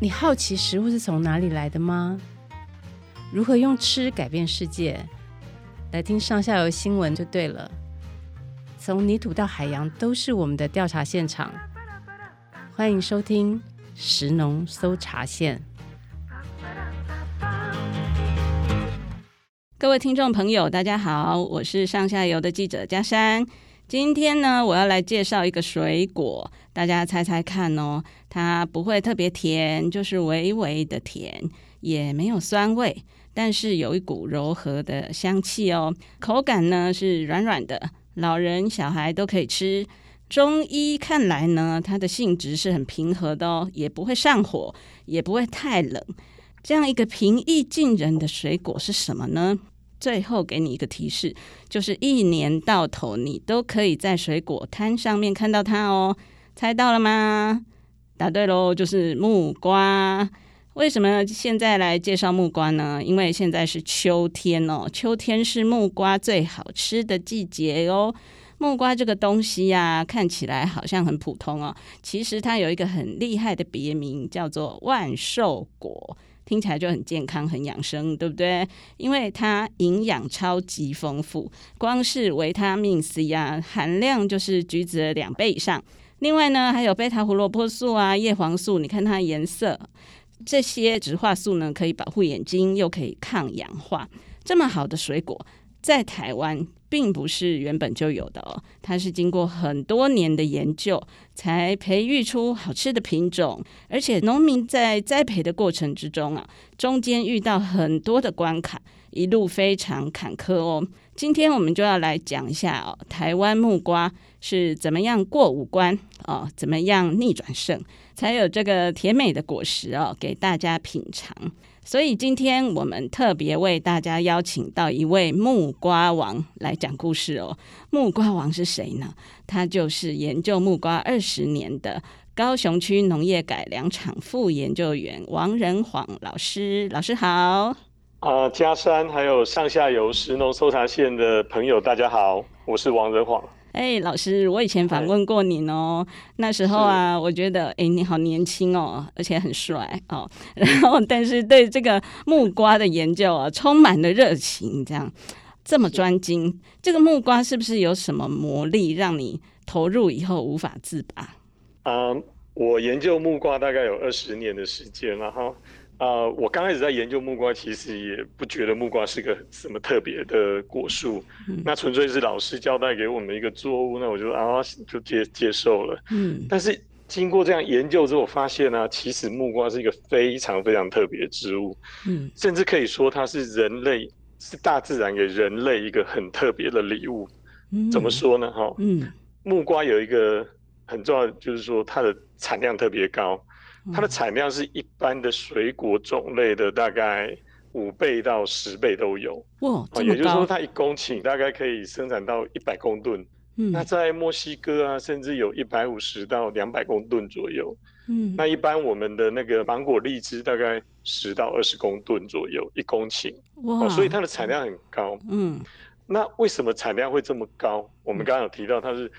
你好奇食物是從哪裡來的嗎？如何用吃改變世界？來聽上下游新聞就對了。從泥土到海洋，都是我們的調查現場。歡迎收聽食農搜查線。各位聽眾朋友，大家好，我是上下游的記者佳珊。今天呢，我要來介紹一個水果，大家猜猜看哦。它不會特別甜，就是微微的甜，也沒有酸味，但是有一股柔和的香氣哦。口感呢是軟軟的，老人小孩都可以吃。中醫看來呢，它的性質是很平和的哦，也不會上火，也不會太冷。這樣一個平易近人的水果是什麼呢？最後給你一個提示，就是一年到頭你都可以在水果攤上面看到它哦。猜到了嗎？答對囉，就是木瓜。為什麼現在來介紹木瓜呢？因為現在是秋天哦，秋天是木瓜最好吃的季節哦。木瓜這個東西呀、啊，看起來好像很普通哦，其實它有一個很厲害的別名，叫做萬壽果，聽起來就很健康、很養生，對不對？因為它營養超級豐富，光是維他命 C 啊，含量就是橘子的兩倍以上。另外呢，還有貝塔胡蘿蔔素啊、葉黃素，你看它的顏色，這些植化素呢可以保護眼睛，又可以抗氧化。這麼好的水果，在台灣。並不是原本就有的哦，它是經過很多年的研究才培育出好吃的品種，而且農民在栽培的過程之中啊，中間遇到很多的關卡，一路非常坎坷哦。今天我們就要來講一下哦，台灣木瓜是怎麼樣過五關哦，怎麼樣逆轉勝，才有這個甜美的果實哦，給大家品嘗。所以今天我們特別為大家邀請到一位木瓜王來講故事哦。木瓜王是誰呢？他就是研究木瓜二十年的高雄區農業改良、良場副研究員王仁晃老師。老師好。啊、呃，佳珊還有上下游食農搜查線的朋友，大家好，我是王仁晃。哎，老師，我以前訪問過你哦。那時候啊，我覺得誒你好年輕哦，而且很帥哦。然後，但是對這個木瓜的研究啊，充滿了熱情，這樣這麼專精。這個木瓜是不是有什麼魔力，讓你投入以後無法自拔啊、嗯，我研究木瓜大概有二十年的時間了哈。啊、呃，我剛開始在研究木瓜，其實也不覺得木瓜是個什麼特別的果樹，嗯，那純粹是老師交代給我們一個作物，那我就啊就接接受了。嗯，但是經過這樣研究之後，我發現呢，啊，其實木瓜是一個非常非常特別的植物，嗯，甚至可以說它是人類是大自然給人類一個很特別的禮物，嗯。怎麼說呢？哈，嗯，木瓜有一個很重要的就是說它的產量特別高。它的產量是一般的水果種類的大概五倍到十倍都有哇，也就是說它一公頃大概可以生產到一百公噸，嗯，那在墨西哥啊，甚至有一百五十到兩百公噸左右，嗯，那一般我們的那個芒果、荔枝大概十到二十公噸左右一公頃哇、啊，所以它的產量很高，嗯，那為什麼產量會這麼高？嗯、我們剛剛有提到它是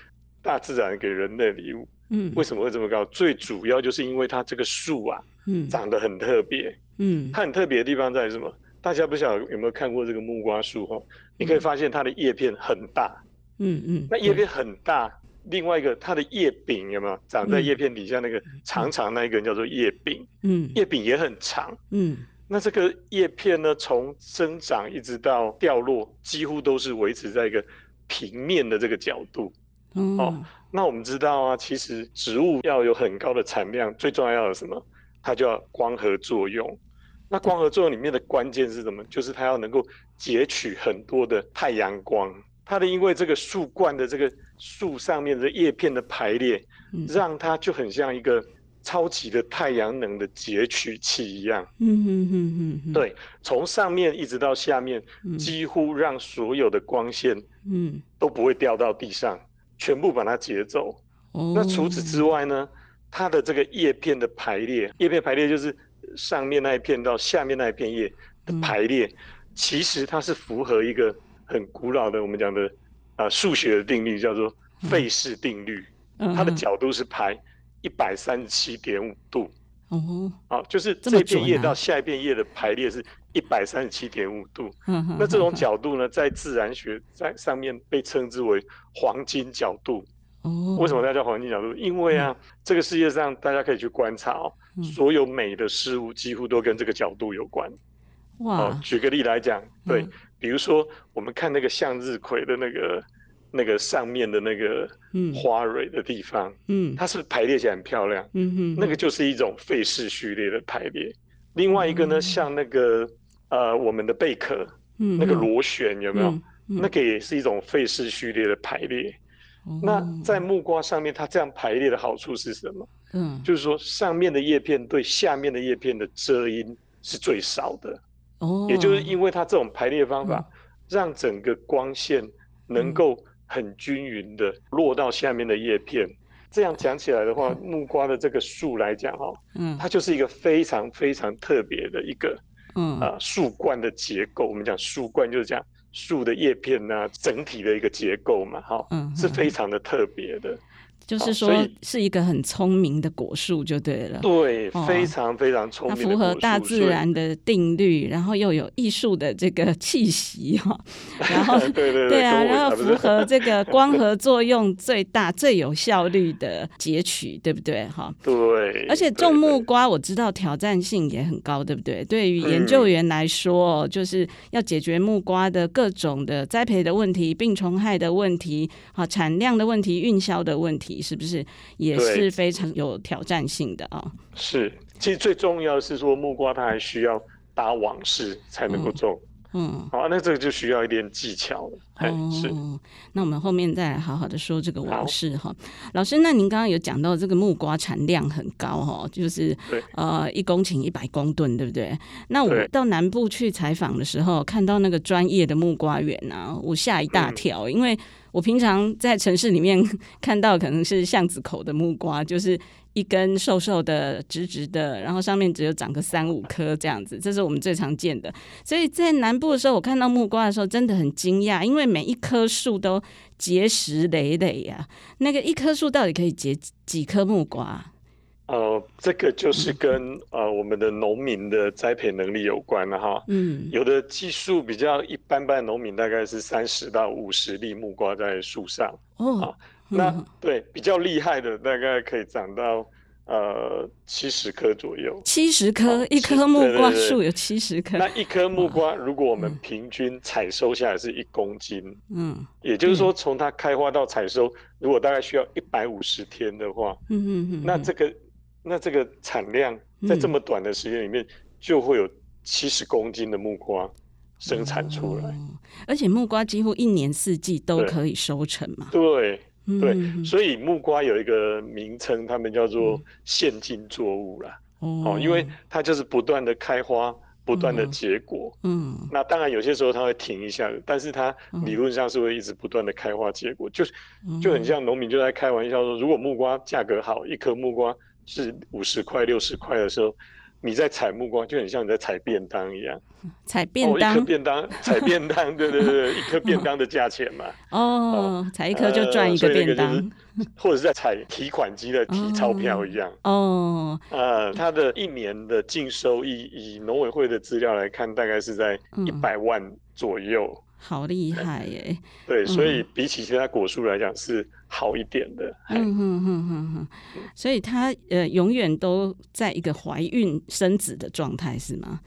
大自然給人類禮物。嗯，為什麼會這麼高？最主要就是因為它這個樹啊，嗯，長得很特別，嗯，它很特別的地方在於什麼？大家不曉得有沒有看過這個木瓜樹哈、嗯？你可以發現它的葉片很大，嗯嗯，那葉片很大，另外一個它的葉柄有沒有？長在葉片底下那個長長那一個叫做葉柄，嗯，葉柄、嗯、也很長，嗯，那這個葉片呢，從生長一直到掉落，幾乎都是維持在一個平面的這個角度，哦。哦那我們知道啊，其實植物要有很高的產量，最重要要什麼？它就要光合作用。那光合作用裡面的關鍵是什麼？就是它要能夠截取很多的太陽光。它的因為這個樹冠的這個樹上面的葉片的排列，讓它就很像一個超級的太陽能的截取器一樣。嗯嗯嗯嗯。對，從上面一直到下面，幾乎讓所有的光線，嗯，都不會掉到地上。全部把它截走。Oh. 那除此之外呢？它的這個葉片的排列，葉片排列就是上面那一片到下面那一片葉的排列、嗯，其實它是符合一個很古老的我們講的啊呃、數學的定律，叫做費氏定律。它的角度是排一百三十七點五度。嗯哦，好，就是這片葉到下一片葉的排列是一百三十七點五度。嗯哼、啊，那這種角度呢，在自然學在上面被稱之為黃金角度。哦、uh -huh.，為什麼它叫黃金角度？Uh -huh. 因為啊，uh -huh. 這個世界上大家可以去觀察哦，uh -huh. 所有美的事物幾乎都跟這個角度有關。哇、uh -huh. 啊，舉個例來講，對，uh -huh. 比如說我們看那個向日葵的那個。那個上面的那個花蕊的地方，嗯，嗯，它是排列起來很漂亮，嗯，嗯，嗯那個就是一種費氏序列的排列，嗯。另外一個呢，嗯、像那個呃我們的貝殼，嗯，那個螺旋，嗯，有沒有、嗯嗯？那個也是一種費氏序列的排列。哦、那在木瓜上面，它這樣排列的好處是什麼？嗯，就是說上面的葉片對下面的葉片的遮陰是最少的。哦，也就是因為它這種排列方法，讓整個光線能夠，嗯。嗯很均勻的落到下面的葉片，這樣講起來的話，木瓜的這個樹來講，哈，嗯，它就是一個非常非常特別的一個，嗯啊，呃、樹冠的結構。我們講樹冠就是講樹的葉片吶、啊，整體的一個結構嘛，哈，嗯，是非常的特別的。嗯嗯嗯就是說是一個很聰明的果樹就對了，對，哦、非常非常聰明的，它符合大自然的定律，然後又有藝術的這個氣息哈，然後 對,對對對，對啊，然後符合這個光合作用最大最有效率的截取， 對不對哈？對，而且種木瓜我知道挑戰性也很高，對不對？對於研究員來說， 就是要解決木瓜的各種的栽培的問題、病蟲害的問題啊、產量的問題、運銷的問題。是不是也是非常有挑戰性的啊？是，其實最重要是說，木瓜它還需要搭網室才能夠種。哦。嗯，好啊，那這個就需要一點技巧了。哦，那我們後面再好好的說這個往事哈。老師，那您剛剛有講到這個木瓜產量很高哈，就是呃一公頃一百公噸，對不對？那我到南部去採訪的時候，看到那個專業的木瓜園啊，我嚇一大跳，嗯，因為我平常在城市裡面看到可能是巷子口的木瓜，就是。一根瘦瘦的、直直的，然後上面只有長個三五顆這樣子，這是我們最常見的。所以在南部的時候，我看到木瓜的時候真的很驚訝，因為每一棵樹都結實累累呀、啊。那個一棵樹到底可以結幾顆木瓜？呃，這個就是跟、嗯、呃我們的農民的栽培能力有關了、啊、哈。嗯，有的技術比較一般般，農民大概是三十到五十粒木瓜在樹上。哦。啊那對比較厲害的，大概可以長到呃七十顆左右。七十顆、啊，一棵木瓜樹有七十顆對對對。那一棵木瓜，如果我們平均採收下來是一公斤，嗯，也就是說，從它開花到採收、嗯，如果大概需要一百五十天的話，嗯嗯嗯，那這個那這個產量在這麼短的時間裡面，就會有七十公斤的木瓜生產出來、嗯。而且木瓜幾乎一年四季都可以收成嘛。對。嗯、對，所以木瓜有一個名稱，他們叫做現金作物啦、嗯、哦，因為它就是不斷的開花，不斷的結果嗯。嗯，那當然有些時候它會停一下，但是它理論上是會一直不斷的開花結果，嗯，就是就很像農民就在開玩笑說，如果木瓜價格好，一顆木瓜是五十塊、六十塊的時候，你在採木瓜就很像你在採便當一樣，採便當一便當，採、哦、便, 便當，對對對，一顆便當的價錢嘛， 哦，採、哦、一顆就賺一個便當，呃就是、或者是在採提款機的提鈔票一樣 哦，哦，呃，他的一年的淨收益，以農委會的資料來看，大概是在一百萬左右。嗯好厲害耶、欸！對、嗯，所以比起其他果樹來講是好一點的。嗯，哼哼哼。嗯，所以他呃永遠都在一個懷孕生子的狀態是嗎？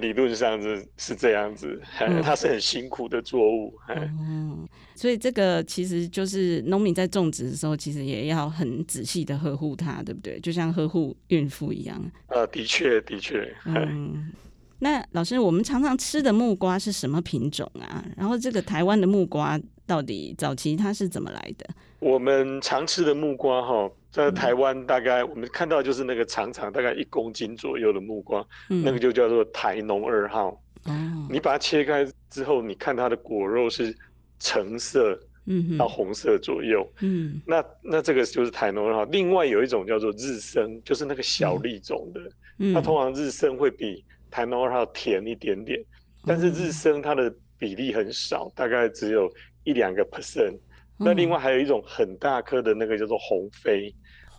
理論上是是這樣子、嗯，他是很辛苦的作物。嗯哼哼，所以這個其實就是農民在種植的時候，其實也要很仔細的呵護它，對不對？就像呵護孕婦一樣。啊、呃，的確，的確。嗯。那老師，我們常常吃的木瓜是什麼品種啊？然後這個台灣的木瓜到底早期它是怎麼來的？我們常吃的木瓜哈，在台灣大概、嗯、我們看到就是那個長長大概一公斤左右的木瓜，嗯、那個就叫做台農二號。哦、嗯，你把它切開之後，你看它的果肉是橙色到紅色左右。嗯，那那這個就是台農二號。另外有一種叫做日陞，就是那個小粒種的、嗯嗯。它通常日陞會比台農二號甜一點點，但是日陞它的比例很少，嗯、大概只有一兩個 percent，嗯。那另外還有一種很大顆的那個叫做紅妃，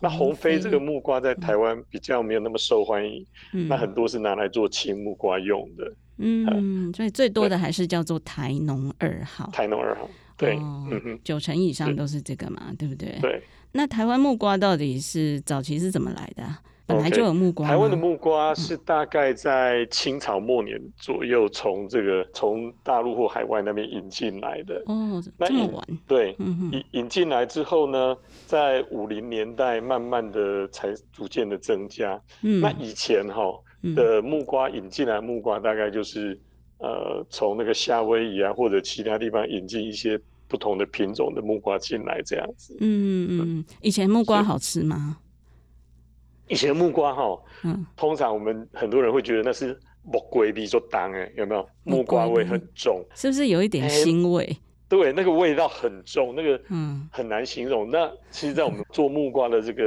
紅妃，那紅妃這個木瓜在台灣比較沒有那麼受歡迎，嗯、那很多是拿來做青木瓜用的嗯。嗯，所以最多的還是叫做台農二號。台農二號，對，哦、嗯九成以上都是這個嘛，對不對？對。那台灣木瓜到底是早期是怎麼來的、啊？本來就有木瓜。Okay, 台灣的木瓜是大概在清朝末年左右從這個從、嗯、大陸或海外那邊引進來的。哦，這麼晚？對，嗯、引引進來之後呢，在五零年代慢慢的才逐漸的增加。嗯，那以前吼的木瓜引進來木瓜大概就是、嗯、呃從那個夏威夷啊或者其他地方引進一些不同的品種的木瓜進來這樣子。嗯嗯嗯，以前木瓜好吃嗎？以前的木瓜哈，嗯，通常我們很多人會覺得那是木瓜味做蛋哎，有沒有木瓜，木瓜味很重，是不是有一點腥味？欸、對，那個味道很重，那個嗯很難形容。那其實，在我們做木瓜的這個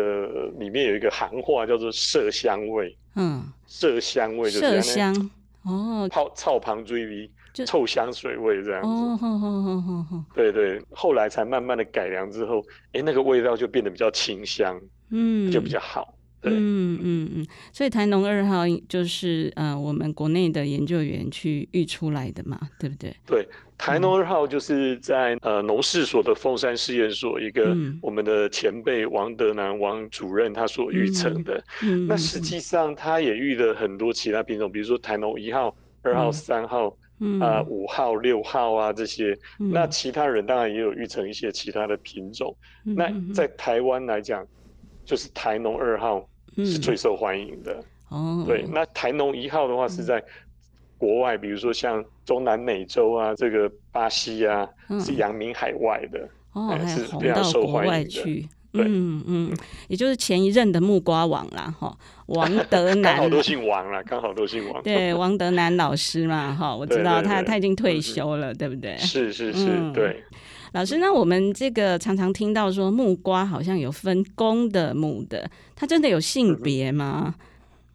裡面有一個行話叫做麝香味，嗯，麝香味就是香哦，泡草旁追鼻就臭香水味這樣子，哦、好好好對，對對，後來才慢慢的改良之後，哎、欸，那個味道就變得比較清香，嗯，就比較好。嗯嗯嗯，所以台農二號就是呃，我們國內的研究員去育出來的嘛，對不對？對，台農二號就是在呃農試所的鳳山試驗所一個我們的前輩王德南王主任他所育成的。嗯、那實際上他也育了很多其他品種，嗯嗯、比如說台農一號、二號、三號啊、五號、六、嗯嗯呃、號啊這些、嗯。那其他人當然也有育成一些其他的品種。嗯嗯、那在台灣來講，就是台農二號。嗯、是最受歡迎的哦。對，那台農一號的話是在國外、嗯，比如說像中南美洲啊，這個巴西啊，嗯、是揚名海外的哦，是非常受歡迎的，紅到國外去。欸嗯嗯、對，嗯嗯，也就是前一任的木瓜王啦，哈， 王德南剛 好都姓王啦，剛好都姓王。 對，王德南老師嘛，哈，對對對 我知道他，他已經退休了，嗯、對不對？是是是，嗯、對。老師，那我們這個常常聽到說，木瓜好像有分公的、母的，它真的有性別嗎？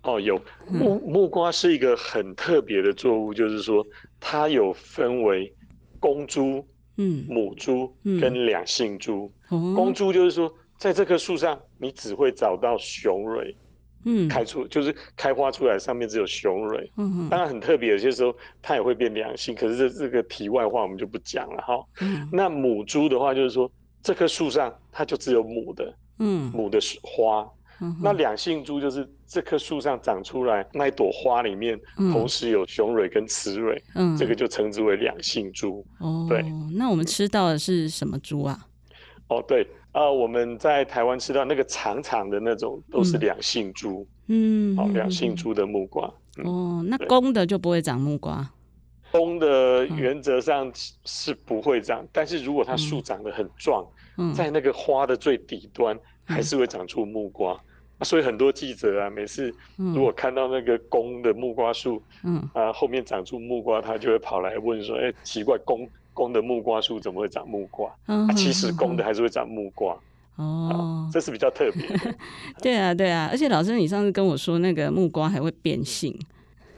哦，有，木木瓜是一個很特別的作物、嗯，就是說它有分為公株、嗯，母株跟兩性株。公株就是說，在這棵樹上你只會找到雄蕊。嗯，開出就是開花出來，上面只有雄蕊。嗯嗯，當然很特別，有些時候它也會變兩性。可是這這個題外話，我們就不講了哈、嗯。那母株的話，就是說這棵樹上它就只有母的，嗯，母的花。嗯、那兩性株就是這棵樹上長出來那一朵花裡面同時有雄蕊跟雌蕊，嗯，這個就稱之為兩性株。哦、嗯，對，那我們吃到的是什麼株啊？哦，對。啊、呃，我們在台灣吃到那個長長的那種，都是兩性株，嗯，兩、哦、性株的木瓜。嗯嗯，哦，那公的就不會長木瓜，公的原則上是不會長，嗯、但是如果它樹長得很壯、嗯，在那個花的最底端還是會長出木瓜。嗯嗯，所以很多記者啊，每次如果看到那個公的木瓜樹，嗯，啊後面長出木瓜，他就會跑來問說，哎、欸，奇怪，公。公的木瓜樹怎麼會長木瓜？Oh, 啊 oh, 其實公的還是會長木瓜。哦、oh, 啊，oh. 這是比較特別。 對啊，對啊，而且老師，你上次跟我說那個木瓜還會變性。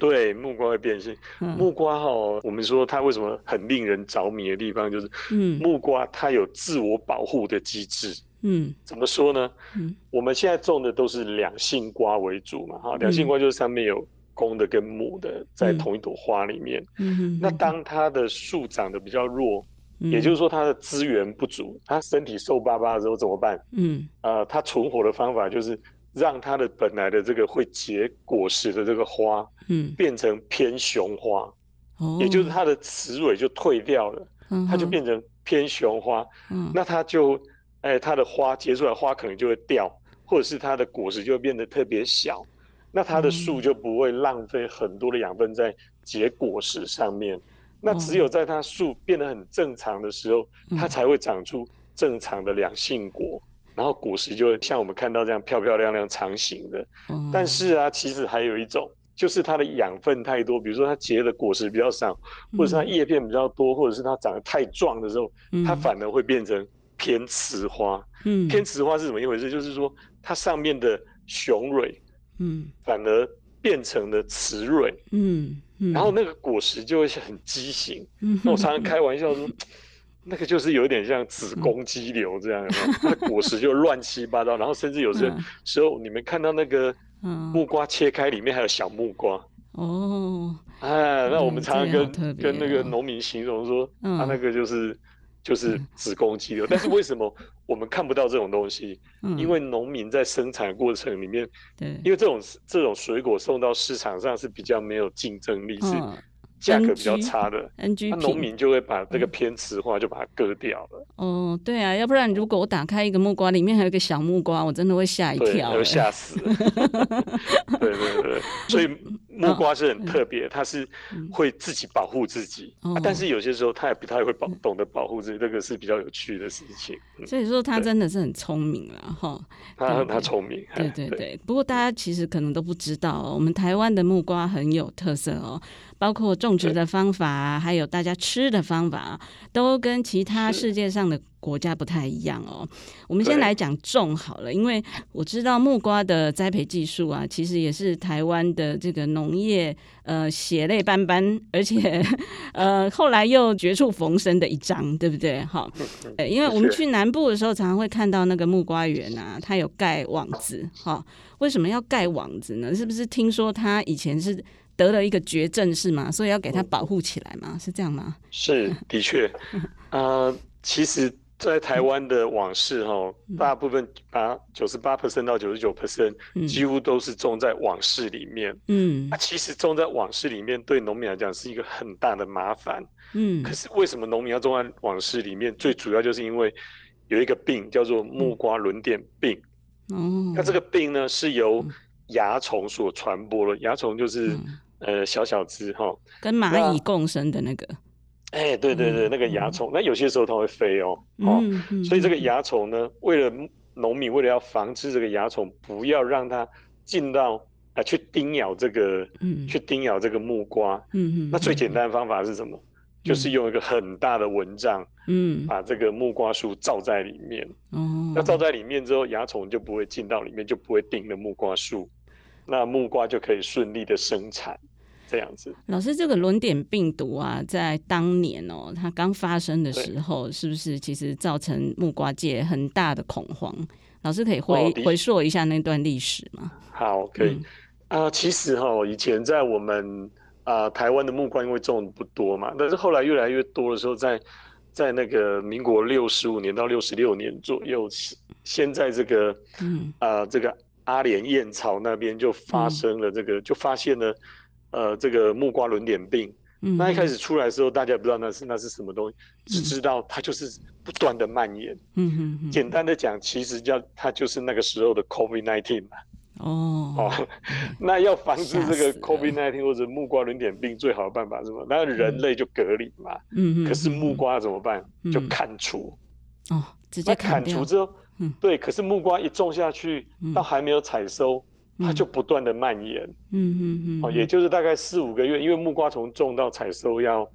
對，木瓜會變性。嗯、木瓜哈、哦，我們說它為什麼很令人着迷的地方就是，嗯，木瓜它有自我保護的機制。嗯，怎麼說呢？嗯，我們現在種的都是兩性瓜為主嘛，哈，兩性瓜就是上面有。公的跟母的在同一朵花裡面，嗯，嗯，嗯，那當它的樹長得比較弱，嗯，也就是說它的資源不足，它身體瘦巴巴的時候怎麼辦？嗯，呃，它存活的方法就是讓它的本來的這個會結果實的這個花，嗯，變成偏雄花，嗯，也就是它的雌蕊就退掉了，哦，它就變成偏雄花，嗯，嗯，那它就，哎，它的花結出來花可能就會掉，或者是它的果實就會變得特別小。那它的樹就不會浪費很多的養分在結果實上面，嗯、那只有在它樹變得很正常的時候，它、嗯嗯、才會長出正常的兩性果，然後果實就像我們看到這樣漂漂亮亮長形的。嗯、但是啊，其實還有一種，就是它的養分太多，比如說它結的果實比較少，或者是它葉片比較多，嗯、或者是它長得太壯的時候，它、嗯、反而會變成偏雌花。嗯、偏雌花是怎麼一回事？就是，就是說它上面的雄蕊。嗯，反而變成了雌蕊，嗯。嗯，然後那個果實就會很畸形。嗯，嗯，那我常常開玩笑說，嗯、那個就是有點像子宮肌瘤這樣有沒有？那、嗯、果實就亂七八糟，嗯。然後甚至有些時候，你們看到那個木瓜切開，裡面還有小木瓜。哦、嗯，哎、嗯啊，那我們常常跟跟那個農民形容說，他、嗯啊、那個就是。就是子宮肌瘤、嗯，但是為什麼我們看不到這種東西？嗯、因為農民在生產過程裡面，嗯、對，因為這種這種水果送到市場上是比較沒有競爭力，是價格比較差的哦、NG 品、那農民就會把這個偏雌化，就把它割掉了、嗯。哦，對啊，要不然如果我打開一個木瓜，裡面還有一個小木瓜，我真的會嚇一跳、欸，都嚇死了。 對，對，對對對，所以。木瓜是很特別、哦嗯，它是會自己保護自己、嗯哦啊，但是有些時候它也不太會的保懂得保護自己，嗯、這個是比較有趣的事情。嗯、所以說它真的是很聰明了哈，它它聰明對，對對對，對。不過大家其實可能都不知道、哦，我們台灣的木瓜很有特色哦。包括種植的方法啊，還有大家吃的方法啊，都跟其他世界上的國家不太一樣哦。我們先來講種好了，因為我知道木瓜的栽培技術啊，其實也是台灣的這個農業呃血淚斑斑，而且 呃後來又絕處逢生的一章，對不對？哈， 因為我們去南部的時候，常常會看到那個木瓜園啊，它有蓋網子。哈，為什麼要蓋網子呢？是不是聽說它以前是？得了一個絕症是嗎？所以要給他保護起來嗎、嗯？是這樣嗎？是的確， 呃，其實，在台灣的網室哈、嗯，大部分八九十八 percent 到九十九 percent 幾乎都是種在網室裡面。嗯，啊、其實種在網室裡面，對農民來講是一個很大的麻煩。嗯，可是為什麼農民要種在網室裡面？最主要就是因為有一個病叫做木瓜輪點病。哦、嗯，那這個病呢是由蚜蟲所傳播的，蚜、嗯、蟲就是。呃，小小只哈，跟螞蟻共生的那個，哎、欸，對對對，嗯、那個蚜蟲，那有些時候它會飛哦，哦、嗯，所以這個蚜蟲呢，為了農民為了要防治這個蚜蟲，不要讓它進到啊去叮咬這個，嗯，去叮咬這個木瓜，嗯嗯，嗯，那最簡單的方法是什麼？嗯、就是用一個很大的蚊帳，嗯，把這個木瓜樹罩在裡面，哦、嗯，那罩在裡面之後，蚜蟲就不會進到裡面，就不會叮了木瓜樹。那木瓜就可以順利的生產，這樣子。老師，這個輪點病毒啊，在當年哦、喔，它剛發生的時候，是不是其實造成木瓜界很大的恐慌？老師可以回、哦、回溯一下那段歷史嗎？好，可以。嗯、啊，其實哈，以前在我們啊、呃，台灣的木瓜因為種的不多嘛，但是後來越來越多的時候，在在那個民國六十五年到六十六年左右，是現在這個嗯啊、呃、這個。阿蓮燕巢那邊就發生了這個、嗯，就發現了，呃，這個木瓜輪點病、嗯。那一開始出來的時候，大家不知道那是那是什麼東西、嗯，只知道它就是不斷的蔓延。嗯嗯嗯、簡單的講，其實叫它就是那個時候的 COVID-19 n 嘛。哦，哦嗯、 那要防治這個 COVID-19 或者木瓜輪點病，最好的辦法是什麼？那人類就隔離嘛、嗯。可是木瓜怎麼辦？嗯、就砍除、嗯。哦，直接砍掉。嗯，對，可是木瓜一種下去，到還沒有採收、嗯，它就不斷的蔓延。嗯嗯嗯。哦，也就是大概四五個月，因為木瓜從種到採收要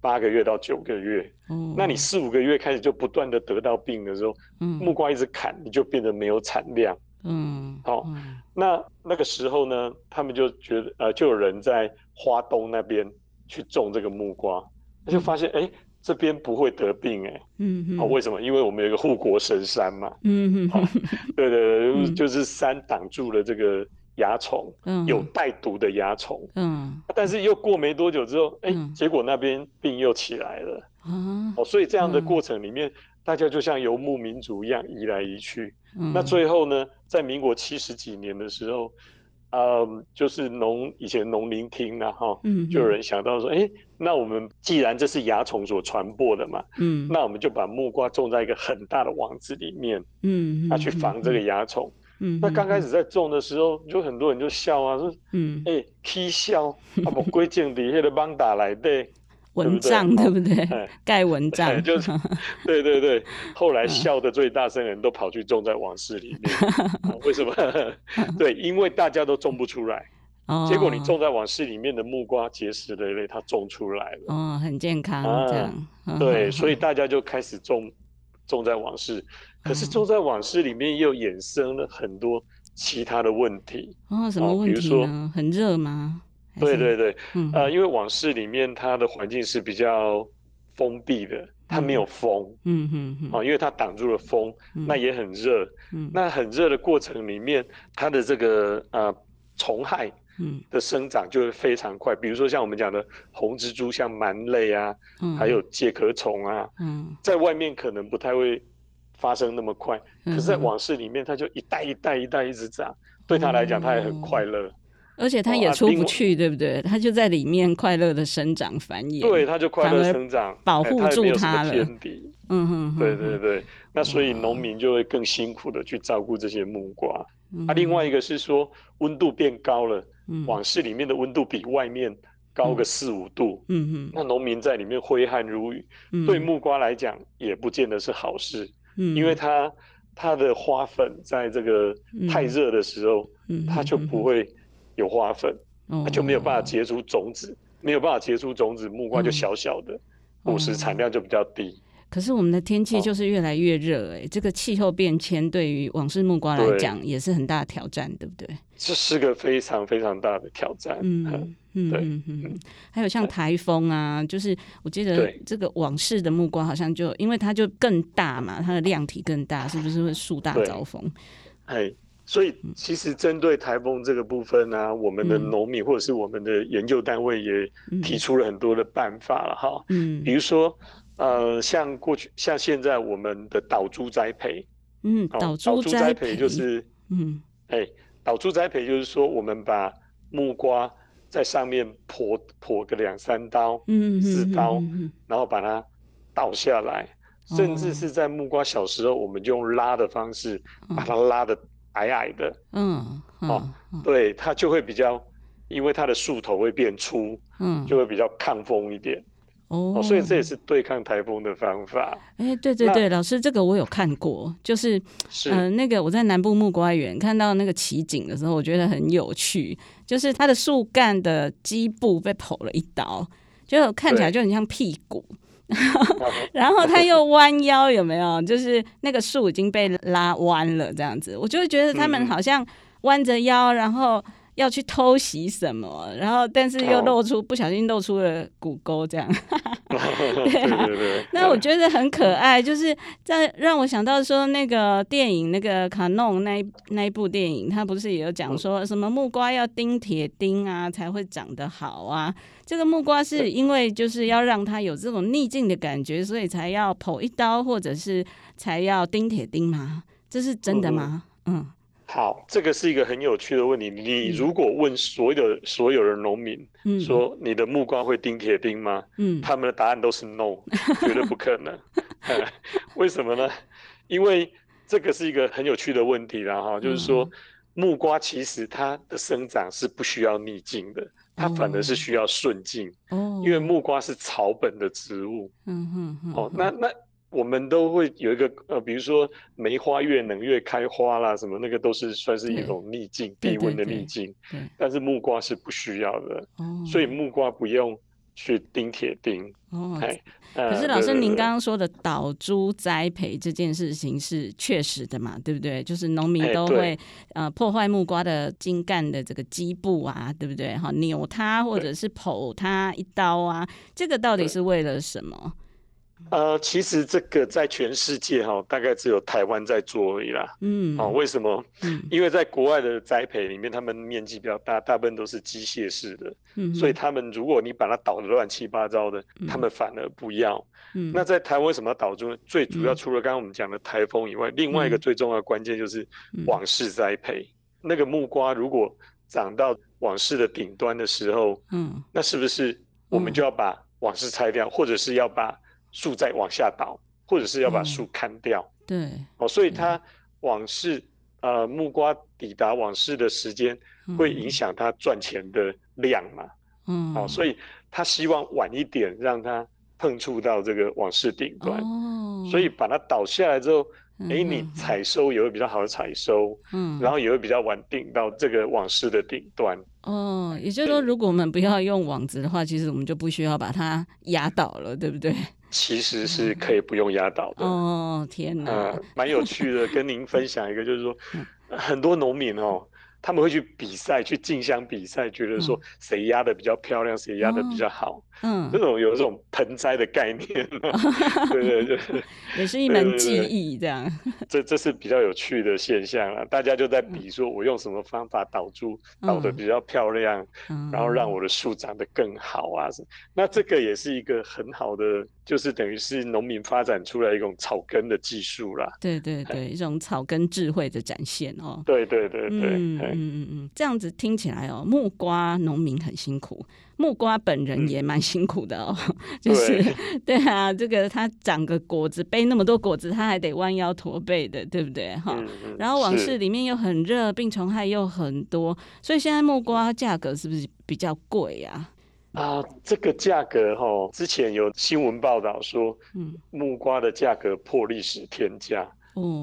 八個月到九個月。嗯，那你四五個月開始就不斷的得到病的時候、嗯，木瓜一直砍，你就變得沒有產量。嗯，好、嗯哦，那那個時候呢，他們就覺得，呃，就有人在花東那邊去種這個木瓜，他、嗯、就發現，哎、欸。這邊不會得病哎、欸，嗯、mm -hmm. 哦，為什麼？因為我們有一個護國神山嘛，嗯、mm、嗯 -hmm. 哦，對對，對、mm -hmm. 就是山擋住了這個蚜蟲，嗯、mm -hmm.，有帶毒的蚜蟲，嗯、mm -hmm.，但是又過沒多久之後，哎、欸，mm -hmm. 結果那邊病又起來了，mm -hmm. 哦，所以這樣的過程裡面，mm -hmm. 大家就像游牧民族一樣移來移去，mm -hmm. 那最後呢，在民國七十幾年的時候。呃，就是農以前農林廳吶，哈，就有人想到說，嗯、誒那我們既然這是蚜蟲所傳播的嘛，嗯，那我們就把木瓜種在一個很大的網子裡面，嗯哼哼，那去防這個蚜蟲。嗯哼哼，那剛開始在種的時候，就很多人就笑啊，說，嗯，哎，起痟啊，木瓜種在那個網大裡底。 蚊帳對不對？哦哎、蓋蚊帳、哎就是、對對對。 後來笑得最大聲的人都跑去種在網室裡面、 哦，為什麼？ 對，因為大家都種不出來。哦、結果你種在網室裡面的木瓜、結實累累，它種出來了。哦，很健康。嗯、這樣。哦、對、哦，所以大家就開始種種在網室、哦。可是種在網室裡面又衍生了很多其他的問題。啊、哦？什麼問題呢？哦、比如說很熱嗎？對對對、嗯，呃，因為網室裡面它的環境是比較封閉的，它沒有風，嗯哼哼、嗯嗯嗯，因為它擋住了風，嗯、那也很熱，嗯，那很熱的過程裡面，它的這個呃蟲害，嗯，的生長就會非常快，嗯、比如說像我們講的紅蜘蛛、像蟎類啊，嗯、還有介殼蟲啊，嗯，在外面可能不太會發生那麼快，嗯、可是在網室裡面它就一代一代一代一直長，嗯、對它來講它也很快樂。嗯而且它也出不去，哦啊、對不對？它就在裡面快樂的生長繁衍，對，它就快樂生長，他保護住它了。哎、天敵嗯哼，哼，對對對。那所以農民就會更辛苦的去照顧這些木瓜，嗯啊。另外一個是說，溫度變高了，嗯，溫室裡面的溫度比外面高個四五度。嗯嗯，那農民在裡面揮汗如雨，嗯，對木瓜來講也不見得是好事。嗯，因為它它的花粉在這個太熱的時候，嗯、它就不會。有花粉，哦、它就沒有辦法結出種子，哦、沒有辦法結出種子，木瓜就小小的，哦、果實產量就比較低。哦、可是我們的天氣就是越來越熱、欸，哎、哦，這個氣候變遷對於網室木瓜來講也是很大的挑戰，對，對不對？這是個非常非常大的挑戰。嗯嗯對嗯，嗯還有像台風啊，就是我記得這個網室的木瓜好像就因為它就更大嘛，它的量體更大，是不是會樹大招風？哎。所以其實針對颱風這個部分呢、啊嗯，我們的農民或者是我們的研究單位也提出了很多的辦法了哈。嗯。比如說，呃，像過去、像現在，我們的倒株栽培。嗯。倒、哦、株栽培就是。嗯。哎、就是，倒、嗯、株、欸、栽培就是說，我們把木瓜在上面剖剖個兩三刀、嗯哼哼哼哼、四刀，然後把它倒下來，嗯、哼哼哼甚至是在木瓜小時候，我們就用拉的方式把它拉的、嗯哼哼。嗯哼哼矮矮的，嗯,嗯哦。對，它就會比較，因為它的樹頭會變粗，嗯，就會比較抗風一點。哦，哦所以這也是對抗台風的方法。哎、欸，對對對，老師，這個我有看過，就是，嗯、呃，那個我在南部木瓜園看到那個奇景的時候，我覺得很有趣，就是它的樹幹的基部被剖了一刀，就看起來就很像屁股。 然後他又彎腰，有沒有？ 就是那個樹已經被拉彎了，這樣子，我就會覺得他們好像彎着腰，然後。要去偷襲什麼，然後但是又露出，不小心露出了股溝，這樣哈哈、 啊對對對，那我覺得很可愛，啊，就是在讓我想到說那個電影那個 KANO 那那一部電影，他不是也有講說什麼木瓜要釘鐵釘啊才會長得好啊？這個木瓜是因為就是要讓它有這種逆境的感覺，所以才要剖一刀或者是才要釘鐵釘嗎？這是真的嗎？嗯。嗯好，這個是一個很有趣的問題。你如果問所有、嗯、所有的農民、嗯，說你的木瓜會釘鐵釘嗎？嗯、他們的答案都是 no、嗯、絕對不可能、 哎。為什麼呢？因為這個是一個很有趣的問題啦哈，就是說、嗯、木瓜其實它的生長是不需要逆境的，它反而是需要順境。哦、因為木瓜是草本的植物。嗯、哼哼哼哦，那那。我們都會有一個呃，比如說梅花越冷越開花啦，什麼那個都是算是一種逆境，低溫的逆境對對對。但是木瓜是不需要的，哦，所以木瓜不用去釘鐵釘。哦，哎，可是、呃、可是老師對對對，您剛剛說的倒株栽培這件事情是確實的嘛？對不對？就是農民都會、哎、呃破壞木瓜的莖幹的這個基部啊，對不對？哈、哦，扭它或者是剖它一刀啊，這個到底是為了什麼？呃，其實這個在全世界哈、哦，大概只有台灣在做而已啦。嗯，哦，為什麼？因為在國外的栽培裡面，嗯、他們面積比較大，大部分都是機械式的、嗯，所以他們如果你把它倒得亂七八糟的、嗯，他們反而不要。嗯，那在台灣要為什麼倒中？最主要除了剛剛我們講的台風以外、嗯，另外一個最重要的關鍵就是網式栽培、嗯嗯。那個木瓜如果長到網式的頂端的時候，嗯，那是不是我們就要把網式拆掉、嗯，或者是要把？樹在往下倒，或者是要把樹砍掉、哦。對，哦，所以他網室呃，木瓜抵達網室的時間會影響他賺錢的量嘛？嗯，哦、所以他希望晚一點讓它碰觸到這個網室頂端。哦，所以把它倒下來之後，哎、嗯欸，你採收也會比較好的採收，嗯，然後也會比較穩定到這個網室的頂端。哦，也就是說，如果我們不要用網子的話，其實我們就不需要把它壓倒了，對不對？其實是可以不用壓倒的。哦、嗯 oh, 天哪！蠻、嗯、有趣的，跟您分享一個，就是說， 很多農民哦，他們會去比賽，去競相比賽，覺得說誰壓得比較漂亮，嗯、誰壓得比較好。Oh. 嗯，這種有一種盆栽的概念、啊嗯、對,對,對,對,對對對，也是一門技藝這樣。這這是比較有趣的現象啊，大家就在比說，我用什麼方法倒株倒得比較漂亮、嗯，然後讓我的樹長得更好啊、嗯是。那這個也是一個很好的，就是等於是農民發展出來一種草根的技術啦。對對對，一種草根智慧的展現哦、喔。對,對對對對，嗯嗯嗯嗯，這樣子聽起來哦、喔，木瓜農民很辛苦。木瓜本人也蠻辛苦的哦、嗯， 就是對，對啊，這個他長個果子，背那麼多果子，他還得彎腰駝背的，對不對？哈、嗯，然後溫室裡面又很熱，病蟲害又很多，所以現在木瓜價格是不是比較貴呀、啊？啊，這個價格哈，之前有新聞報道說、嗯，木瓜的價格破歷史天價，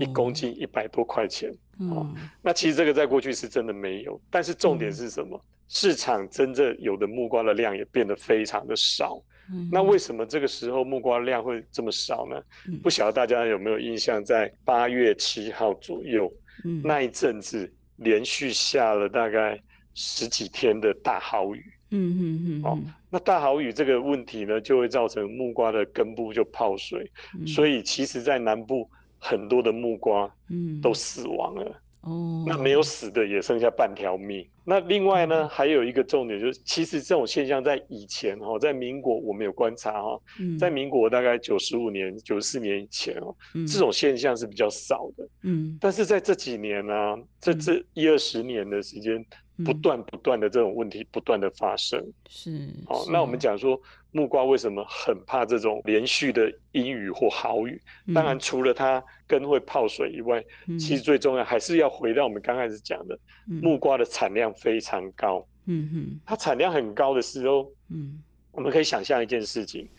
一、嗯、公斤一百多塊錢、嗯。那其實這個在過去是真的沒有，但是重點是什麼？嗯市場真正有的木瓜的量也變得非常的少，嗯、那為什麼這個時候木瓜量會這麼少呢？嗯、不曉得大家有沒有印象，在八月七號左右、嗯，那一陣子連續下了大概十幾天的大豪雨，嗯嗯嗯。哦，那大豪雨這個問題呢，就會造成木瓜的根部就泡水，嗯、所以其實在南部很多的木瓜，嗯，都死亡了。嗯嗯 Oh. 那沒有死的也剩下半條命。那另外呢、嗯，還有一個重點就是，其實這種現象在以前哈，在民國我們有觀察哈、嗯，在民國大概九十五年、九十四年以前哦、嗯，這種現象是比較少的。嗯，但是在這幾年呢、啊，嗯、在這這一二十年的時間、嗯，不斷不斷的這種問題不斷的發生。嗯、是，是。好，那我們講說。木瓜為什麼很怕這種連續的陰雨或豪雨、嗯？當然，除了它根會泡水以外、嗯，其實最重要還是要回到我們剛開始講的、嗯，木瓜的產量非常高。嗯嗯、它產量很高的時候，嗯、我們可以想象一件事情，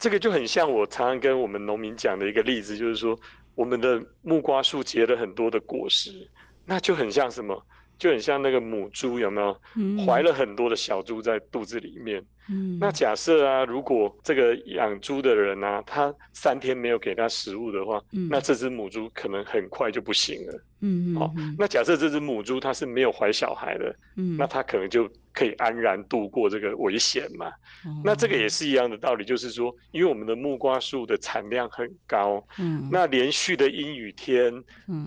這個就很像我常常跟我們農民講的一個例子，就是說我們的木瓜樹結了很多的果實，那就很像什麼？就很像那個母豬，有沒有？懷、嗯、了很多的小豬在肚子裡面。嗯、那假設啊，如果這個養豬的人呢、啊，他三天沒有給他食物的話，嗯、那這隻母豬可能很快就不行了。嗯嗯。哦，嗯、那假設這隻母豬它是沒有懷小孩的，嗯，那它可能就可以安然度過這個危險嘛、嗯？那這個也是一樣的道理，就是說，因為我們的木瓜樹的產量很高，嗯，那連續的陰雨天，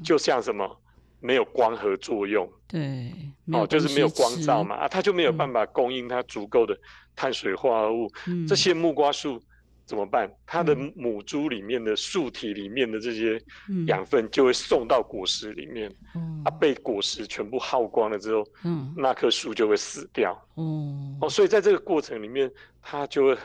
就像什麼？嗯嗯沒有光合作用，對，哦，就是沒有光照嘛，啊，它就沒有辦法供應它足夠的碳水化合物。嗯、這些木瓜樹怎麼辦？它的母株裡面的樹、嗯、體裡面的這些養分就會送到果實裡面，嗯、啊，被果實全部耗光了之後，嗯，那棵樹就會死掉。哦、嗯，哦，所以在這個過程裡面，它就會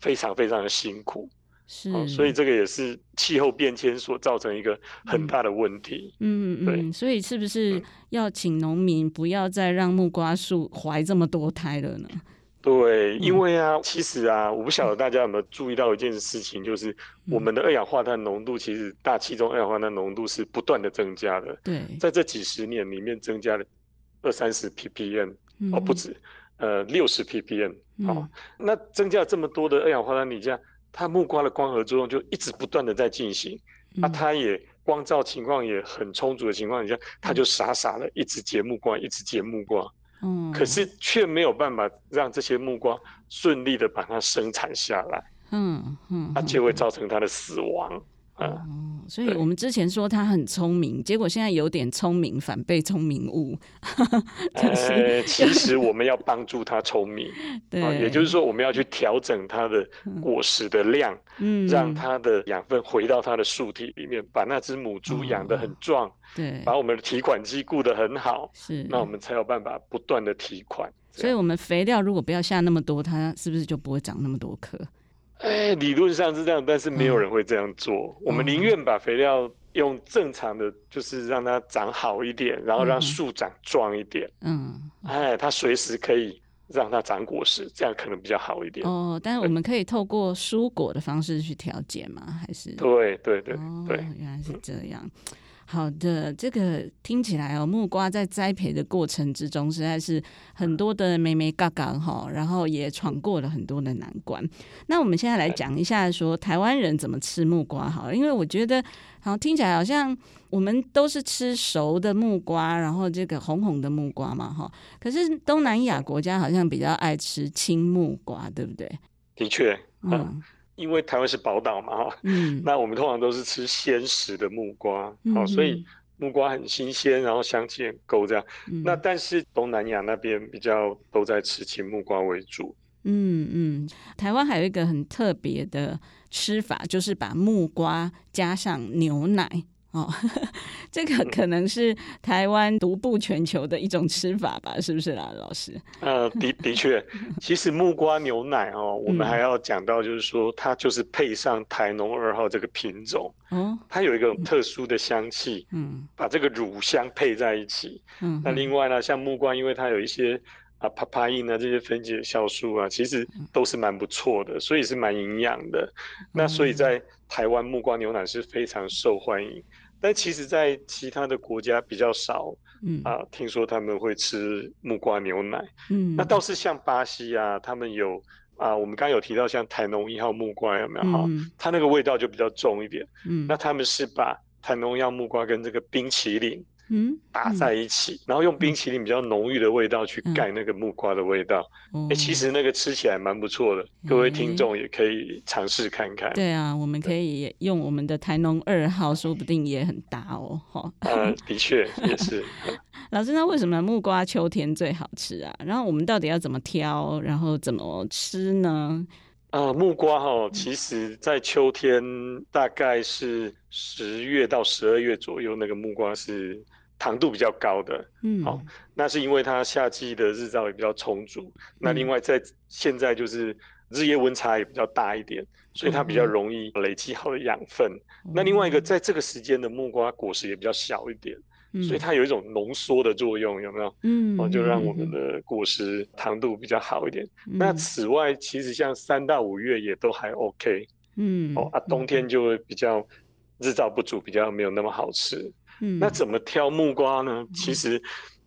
非常非常的辛苦。是、哦，所以這個也是氣候變遷所造成一個很大的問題。嗯嗯，所以是不是要請農民不要再讓木瓜樹懷這麼多胎了呢？對，因為啊，嗯、其實啊，嗯、我不曉得大家有沒有注意到一件事情，就是我們的二氧化碳濃度，其實大氣中二氧化碳濃度是不斷的增加的。對，在這幾十年裡面，增加了二三十 ppm、嗯、哦，不止，呃，六十 ppm 好。那增加這麼多的二氧化碳，你這樣。它木瓜的光合作用就一直不斷的在進行，那、嗯、它、啊、也光照情況也很充足的情況下，它就傻傻的一直結木瓜，一直結木瓜，嗯，可是卻沒有辦法讓這些木瓜順利的把它生產下來，嗯嗯，它、嗯啊、就會造成它的死亡。嗯嗯嗯嗯、哦，所以我們之前說它很聰明，結果現在有點聰明反被聰明誤。呃、欸，其實我們要幫助它聰明， 對、啊，也就是說我們要去調整它的果實的量，嗯，讓它的養分回到它的樹體裡面，嗯、把那隻母豬養得很壯、哦，對，把我們的提款機顧得很好，是，那我們才有辦法不斷的提款。所以我們肥料如果不要下那麼多，它是不是就不會長那麼多顆？哎，理論上是這樣，但是沒有人會這樣做。嗯，我們寧願把肥料用正常的，就是讓它長好一點，嗯，然後讓樹長壯一點。嗯，嗯，哎，它隨時可以讓它長果實，這樣可能比較好一點。哦，但是我們可以透過蔬果的方式去調節嗎？還是？對對對，哦，對，原來是這樣。嗯好的，這個聽起來哦，木瓜在栽培的過程之中，實在是很多的眉眉角角哈，然後也闖過了很多的難關。那我們現在來講一下，說台灣人怎麼吃木瓜好，因為我覺得，好像聽起來好像我們都是吃熟的木瓜，然後這個紅紅的木瓜嘛哈。可是東南亞國家好像比較愛吃青木瓜，對不對？的確，嗯。因為台灣是寶島嘛，嗯，那我們通常都是吃鮮食的木瓜，好、嗯哦，所以木瓜很新鮮，然後香氣很夠這樣、嗯。那但是東南亞那邊比較都在吃青木瓜為主。嗯嗯，台灣還有一個很特別的吃法，就是把木瓜加上牛奶。哦呵呵，這個可能是台灣獨步全球的一種吃法吧、嗯，是不是啊？老師？呃，的的確，其實木瓜牛奶哦， 我們還要講到，就是說、嗯、它就是配上台農二號這個品種，嗯、它有一個特殊的香氣，嗯，把這個乳香配在一起，嗯，那另外呢，像木瓜，因為它有一些啊 papain 啊這些分解的酵素啊，其實都是蠻不錯的，所以是蠻營養的、嗯。那所以在台灣、嗯、木瓜牛奶是非常受歡迎。但其實，在其他的國家比較少，嗯啊、呃，聽說他們會吃木瓜牛奶，嗯，那倒是像巴西啊，他們有啊、呃，我們剛剛有提到像台農一號木瓜有沒有？哈、嗯，它那個味道就比較重一點，嗯，那他們是把台農一號木瓜跟這個冰淇淋。嗯，搭在一起、嗯，然後用冰淇淋比較濃郁的味道去蓋那個木瓜的味道，哎、嗯欸，其實那個吃起來蠻不錯的、嗯，各位聽眾也可以嘗試看看、欸。對啊，我們可以用我們的台農二號，說不定也很搭哦、喔。哈，呃、啊，的確 也是。老師，那為什麼木瓜秋天最好吃啊？然後我們到底要怎麼挑，然後怎麼吃呢？啊，木瓜哦，其實在秋天大概是十月到十二月左右，那個木瓜是。糖度比較高的，嗯，好、哦，那是因為它夏季的日照也比較充足，嗯、那另外在現在就是日夜溫差也比較大一點、嗯，所以它比較容易累積好的養分、嗯。那另外一個在這個時間的木瓜果實也比較小一點，嗯、所以它有一種濃縮的作用，有沒有？嗯，哦，就讓我們的果實糖度比較好一點。嗯嗯、那此外，其實像三到五月也都還 OK，嗯，哦啊，冬天就會比較日照不足，嗯、比較沒有那麼好吃。那怎麼挑木瓜呢、嗯？其實，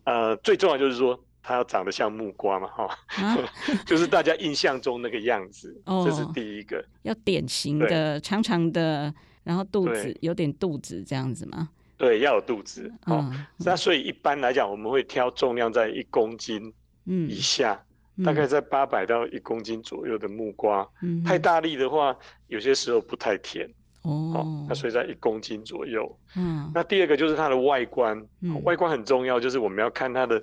呃，最重要就是說它要長得像木瓜嘛，哈、啊， 就是大家印象中那個樣子，哦、這是第一個，要典型的長長的，然後肚子有點肚子這樣子嘛，對，要有肚子。哦哦、嗯，那所以一般來講，我們會挑重量在一公斤以下，嗯、大概在八百到一公斤左右的木瓜。嗯，太大力的話，有些時候不太甜。Oh, 哦，它所以在一公斤左右。嗯，那第二個就是它的外觀，嗯、外觀很重要，就是我們要看它的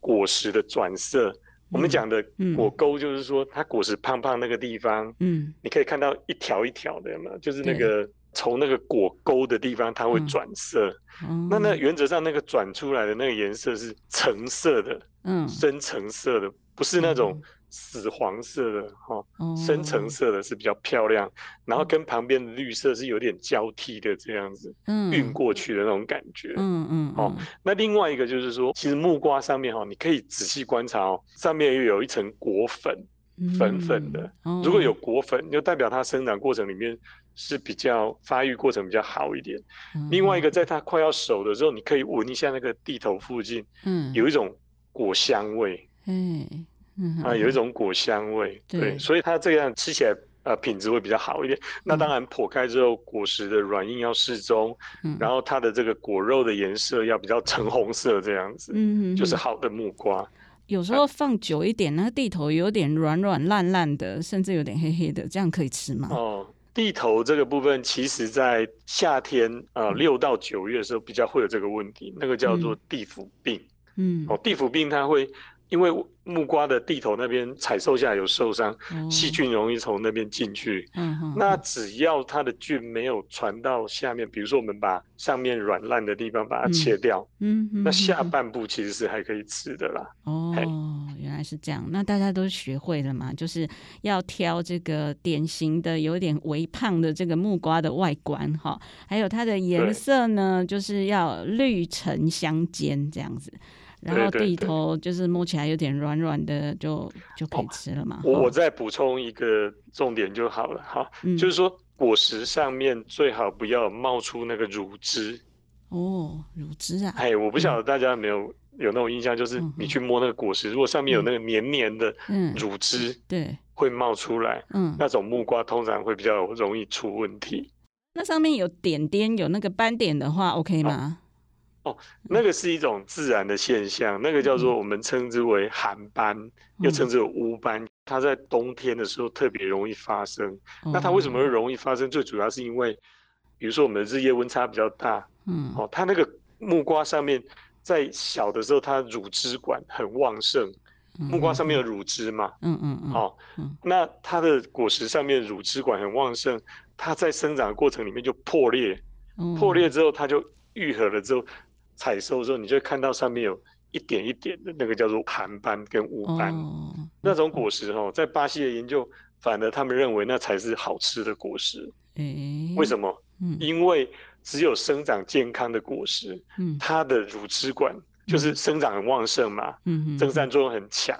果實的轉色、嗯。我們講的果溝，就是說它果實胖胖那個地方，嗯，你可以看到一條一條的嘛、嗯，就是那個從那個果溝的地方，它會轉色、嗯。那那原則上，那個轉出來的那個顏色是橙色的，嗯，深橙色的，嗯、不是那種。紫黃色的哈，深橙色的是比較漂亮，oh, 然後跟旁邊的綠色是有點交替的這樣子，嗯，暈過去的那種感覺，嗯嗯，好、嗯哦，那另外一個就是說，其實木瓜上面哈，你可以仔細觀察哦，上面有有一層果粉、嗯，粉粉的、嗯，如果有果粉，就代表它生長過程裡面是比較發育過程比較好一點。嗯、另外一個，在它快要熟的時候，你可以聞一下那個蒂頭附近，嗯，有一種果香味，嗯。嗯、啊，有一種果香味對，對，所以它這樣吃起來，呃，品質會比較好一點。那當然，剖開之後，嗯、果實的軟硬要適中，嗯，然後它的這個果肉的顏色要比較橙紅色這樣子，嗯哼哼，就是好的木瓜。有時候放久一點，那、啊、個蒂頭有點軟軟爛爛的，甚至有點黑黑的，這樣可以吃嗎？哦，蒂頭這個部分，其實在夏天，呃，六到九月的時候比較會有這個問題，嗯、那個叫做蒂腐病，嗯，哦，蒂腐病它會。因為木瓜的地頭那邊採收下來有受傷，oh, 細菌容易從那邊進去。嗯，那只要它的菌沒有傳到下面、嗯，比如說我們把上面軟爛的地方把它切掉，嗯，那下半部其實是還可以吃的啦。嗯嗯、哦，原來是這樣。那大家都學會了嘛？就是要挑這個典型的有點微胖的這個木瓜的外觀哈，還有它的顏色呢，就是要綠橙相間這樣子。然後裡頭就是摸起來有點軟軟的，就對對對，就就可以吃了嘛。我，我再補充一個重點就好了，哈、嗯，就是說果實上面最好不要冒出那個乳汁。哦，乳汁啊。哎，我不曉得大家有沒有、嗯、有那種印象，就是你去摸那個果實嗯嗯，如果上面有那個黏黏的乳汁，對，會冒出來，嗯，嗯，那種木瓜通常會比較容易出問題。嗯、那上面有點點有那個斑點的話，OK 嗎？啊哦，那個是一種自然的現象，嗯、那個叫做我們稱之為寒斑，嗯、又稱之為烏斑。它在冬天的時候特別容易發生，嗯。那它為什麼會容易發生，嗯？最主要是因為，比如說我們的日夜溫差比較大。嗯。哦，它那個木瓜上面在小的時候，它的乳汁管很旺盛、嗯。木瓜上面有乳汁嘛？嗯嗯，嗯，嗯哦，那它的果實上面的乳汁管很旺盛，它在生長的過程裡面就破裂。破裂之後，它就癒合了之後。嗯嗯之後採收的時候，你就看到上面有一點一點的那個叫做汗斑跟烏斑、哦，那種果實哦，在巴西的研究，反而他們認為那才是好吃的果實。嗯、哎。為什麼、嗯？因為只有生長健康的果實，嗯、它的乳汁管就是生長很旺盛嘛，嗯嗯，蒸散作用很強，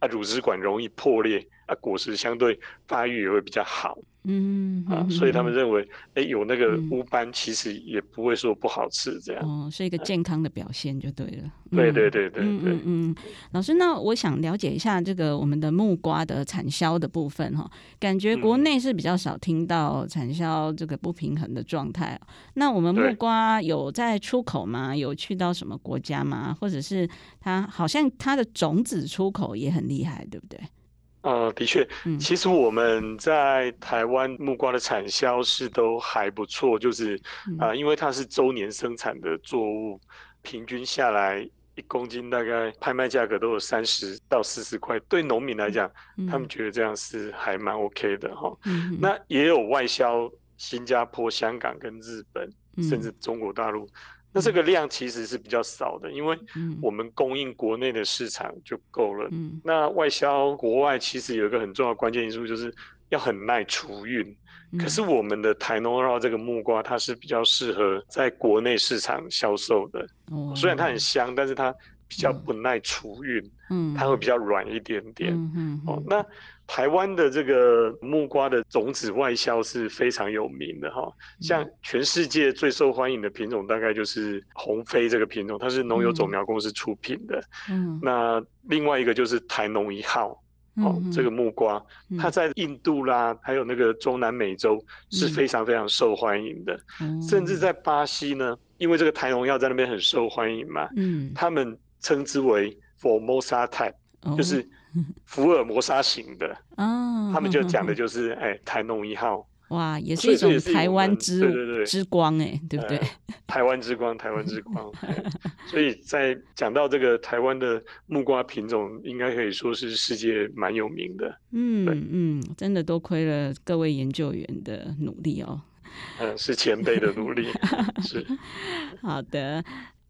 啊，乳汁管容易破裂，啊，果實相對發育也會比較好。嗯啊嗯，所以他們認為，哎、嗯欸，有那個污斑其實也不會說不好吃，這樣哦，是一個健康的表現就對了。嗯、對對對對對，對嗯，嗯嗯，嗯老師，那我想了解一下這個我們的木瓜的產銷的部分哈、哦，感覺國內是比較少聽到產銷這個不平衡的狀態、嗯、那我們木瓜有在出口嗎？對。有去到什麼國家嗎？或者是它好像它的種子出口也很厲害，對不對？嗯，的確，其實我們在台灣木瓜的產銷是都還不錯，就是啊、嗯呃，因為它是周年生產的作物，平均下來一公斤大概拍賣價格都有三十到四十塊，對農民來講、嗯，他們覺得這樣是還蠻 OK 的哈、嗯嗯。那也有外銷新加坡、香港跟日本，甚至中國大陸。嗯嗯嗯、那這個量其實是比較少的，因為我們供應國內的市場就夠了、嗯。那外銷國外其實有一個很重要的關鍵因素，就是要很耐儲運、嗯。可是我們的台農二號這個木瓜，它是比較適合在國內市場銷售的、哦。雖然它很香、嗯，但是它比較不耐儲運，嗯，它會比較軟一點點。嗯嗯嗯嗯、哦，那。台灣的這個木瓜的種子外銷是非常有名的哈，像全世界最受歡迎的品種大概就是紅妃這個品種，它是農友種苗公司出品的。嗯、mm -hmm.，那另外一個就是台農一號，哦、mm -hmm. 喔，這個木瓜它在印度啦，還有那個中南美洲是非常非常受歡迎的，mm -hmm. 甚至在巴西呢，因為這個台農一號在那邊很受歡迎嘛，嗯、mm -hmm.，他們稱之為 Formosa Type，就是。福爾摩沙型的、哦、他們就講的就是、哦、哎，台農一號哇，也是一種台灣之台灣之，對對對之光哎、欸，對不對？呃、台灣之光，台灣之光。 所以在講到這個台灣的木瓜品種， 應該可以說是世界蠻有名的。嗯嗯，真的多虧了各位研究員的努力哦。嗯，是前輩的努力， 是好的。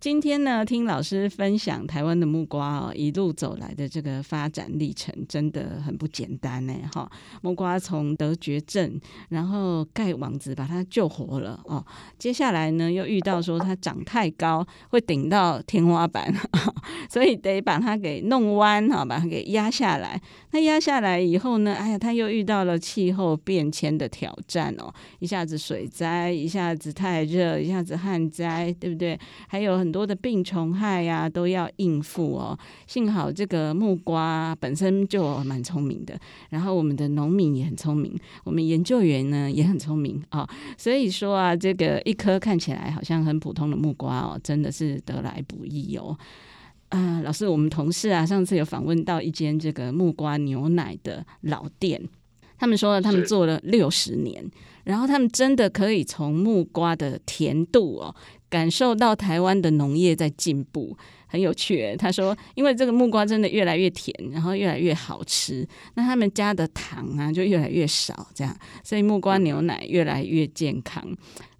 今天呢，聽老師分享台灣的木瓜哦，一路走來的這個發展歷程真的很不簡單呢。哈、哦，木瓜從得絕症，然後蓋蚊帳把它救活了哦。接下來呢，又遇到說它長太高會頂到天花板，哦，所以得把它給弄彎，哈、哦，把它給壓下來。那壓下來以後呢，哎呀，它又遇到了氣候變遷的挑戰哦，一下子水災，一下子太熱，一下子旱災，對不對？還有很多。多的病蟲害呀、啊，都要應付哦。幸好這個木瓜本身就蠻聰明的，然後我們的農民也很聰明，我們研究員呢也很聰明啊、哦。所以說啊，這個一顆看起來好像很普通的木瓜哦，真的是得來不易哦。啊、呃，老師，我們同事啊，上次有訪問到一間這個木瓜牛奶的老店，他們說了他們做了六十年，然後他們真的可以從木瓜的甜度哦。感受到台灣的農業在進步，很有趣、欸。他說，因為這個木瓜真的越來越甜，然後越來越好吃，那他們加的糖啊就越來越少，這樣，所以木瓜牛奶越來越健康。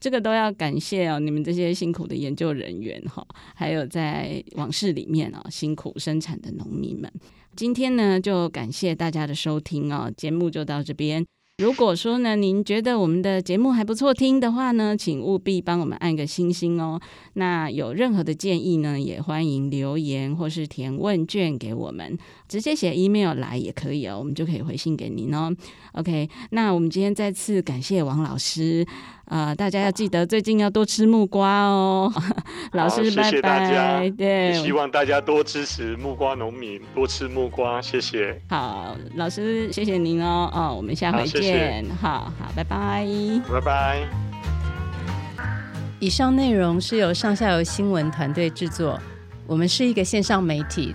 這個都要感謝哦，你們這些辛苦的研究人員哈，還有在網室裡面啊辛苦生產的農民們。今天呢，就感謝大家的收聽哦，節目就到這邊。如果說呢，您覺得我們的節目還不錯聽的話呢，請務必幫我們按個星星哦。那有任何的建議呢，也歡迎留言或是填問卷給我們。直接寫 email 來也可以喔，我們就可以回信給您喔。OK，那我們今天再次感謝王老師，呃，大家要記得最近要多吃木瓜喔。 老師拜拜，謝謝大家，對，希望大家多支持木瓜農民，多吃木瓜，謝謝。好，老師，謝謝您喔，喔，我們下回見，好，謝謝，好，好，拜拜，拜拜。以上內容是由上下游新聞團隊製作，我們是一個線上媒體，